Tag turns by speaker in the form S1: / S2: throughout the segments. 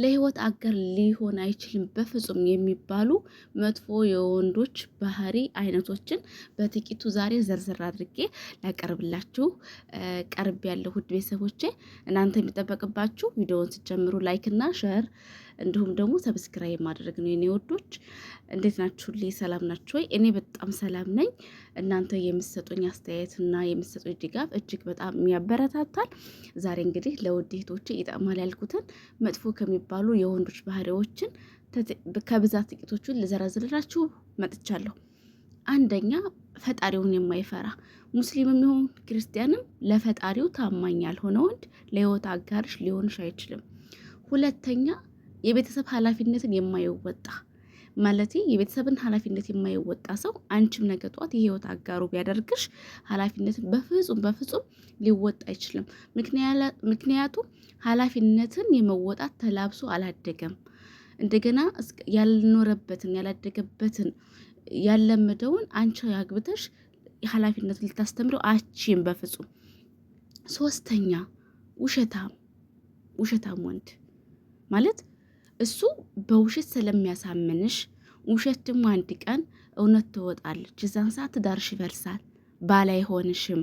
S1: ለህይወት አገር ሊሆን አይችልም በፍጹም የሚባሉ መጥፎ የወንዶች ባህሪ አይነቶችን በጥቂቱ ዛሬ ዘርዘር አድርጌ ላቀርብላችሁ ቀርብ ያለሁ ውድ ቤተሰቦቼ እናንተ የሚጠበቅባችሁ ቪዲዮውን ስጀምሩ ላይክ እና ሸር እንዲሁም ደግሞ ሰብስክራይብ ማድረግ ነው የኔ ወዶች። እንዴት ናችሁልኝ? ሰላም ናችሁ ወይ? እኔ በጣም ሰላም ነኝ። እናንተ የምትሰጡኝ አስተያየትና የምትሰጡኝ ድጋፍ እጅግ በጣም ያበረታታል። ዛሬ እንግዲህ ለውድ እህቶቼ ይጠቅማል ያልኩትን መጥፎ ከሚባሉ የወንዶች ባህሪዎችን ከብዛት ጥቂቶቹን ልዘረዝርላችሁ መጥቻለሁ። አንደኛ ፈጣሪውን የማይፈራ ሙስሊምም ይሁን ክርስቲያንም ለፈጣሪው ታማኝ ያልሆነ ወንድ ለህይወት አጋርሽ ሊሆንሽ አይችልም። ሁለተኛ የቤተሰብ ኃላፊነትን የማይወጣ ማለት የቤተሰብን ኃላፊነት የማይወጣ ሰው አንቺም ነገ ጠዋት የህይወት አጋሩ ቢያደርግሽ ኃላፊነትን በፍጹም በፍጹም ሊወጣ አይችልም። ምክንያቱም ኃላፊነትን የመወጣት ተላብሶ አላደገም። እንደገና ያልኖረበትን ያላደገበትን ያለመደውን አንቺ ያግብተሽ ኃላፊነት ልታስተምረው አቺም በፍጹም። ሶስተኛ ውሸታም ውሸታም ወንድ ማለት እሱ በውሸት ስለሚያሳምንሽ ውሸት ደግሞ አንድ ቀን እውነት ትወጣለች። እዛን ሰዓት ትዳርሽ ይፈርሳል፣ ባል አይሆንሽም።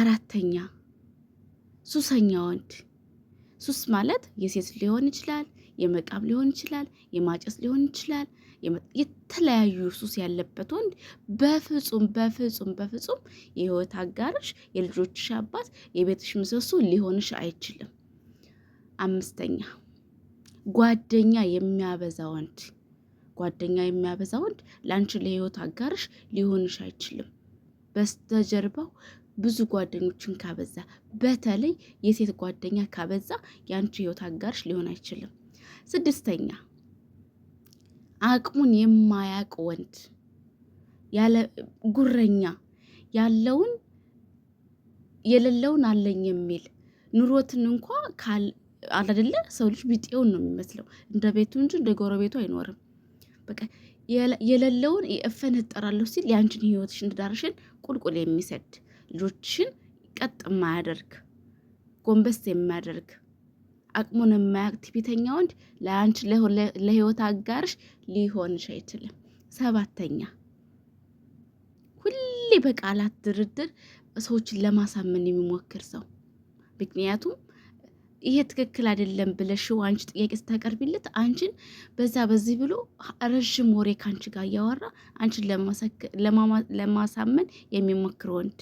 S1: አራተኛ ሱሰኛ ወንድ። ሱስ ማለት የሴት ሊሆን ይችላል፣ የመቃም ሊሆን ይችላል፣ የማጨስ ሊሆን ይችላል። የተለያዩ ሱስ ያለበት ወንድ በፍጹም በፍጹም በፍጹም የህይወት አጋርሽ፣ የልጆችሽ አባት፣ የቤትሽ ምሰሶ ሊሆንሽ አይችልም። አምስተኛ ጓደኛ የሚያበዛ ወንድ ጓደኛ የሚያበዛ ወንድ ለአንቺ ለህይወት አጋርሽ ሊሆንሽ አይችልም። በስተጀርባው ብዙ ጓደኞችን ካበዛ፣ በተለይ የሴት ጓደኛ ካበዛ የአንቺ ህይወት አጋርሽ ሊሆን አይችልም። ስድስተኛ አቅሙን የማያውቅ ወንድ ያለ ጉረኛ ያለውን የሌለውን አለኝ የሚል ኑሮትን እንኳ አላደለ ሰው ልጅ ቢጤውን ነው የሚመስለው እንደ ቤቱ እንጂ እንደ ጎረቤቱ አይኖርም። በቃ የሌለውን እፈነጠራለሁ ሲል የአንችን ህይወትሽ ትዳርሽን ቁልቁል የሚሰድ ልጆችሽን ቀጥ የማያደርግ ጎንበስ የማያደርግ አቅሙን የማያቅ ትዕቢተኛ ወንድ ለአንቺ ለህይወት አጋርሽ ሊሆንሽ አይችልም። ሰባተኛ ሁሌ በቃላት ድርድር ሰዎችን ለማሳመን የሚሞክር ሰው ምክንያቱም ይሄ ትክክል አይደለም ብለሽው አንቺ ጥያቄ ስታቀርቢለት አንቺን በዛ በዚህ ብሎ ረዥም ወሬ ከአንቺ ጋር እያወራ አንቺን ለማሳመን የሚሞክር ወንድ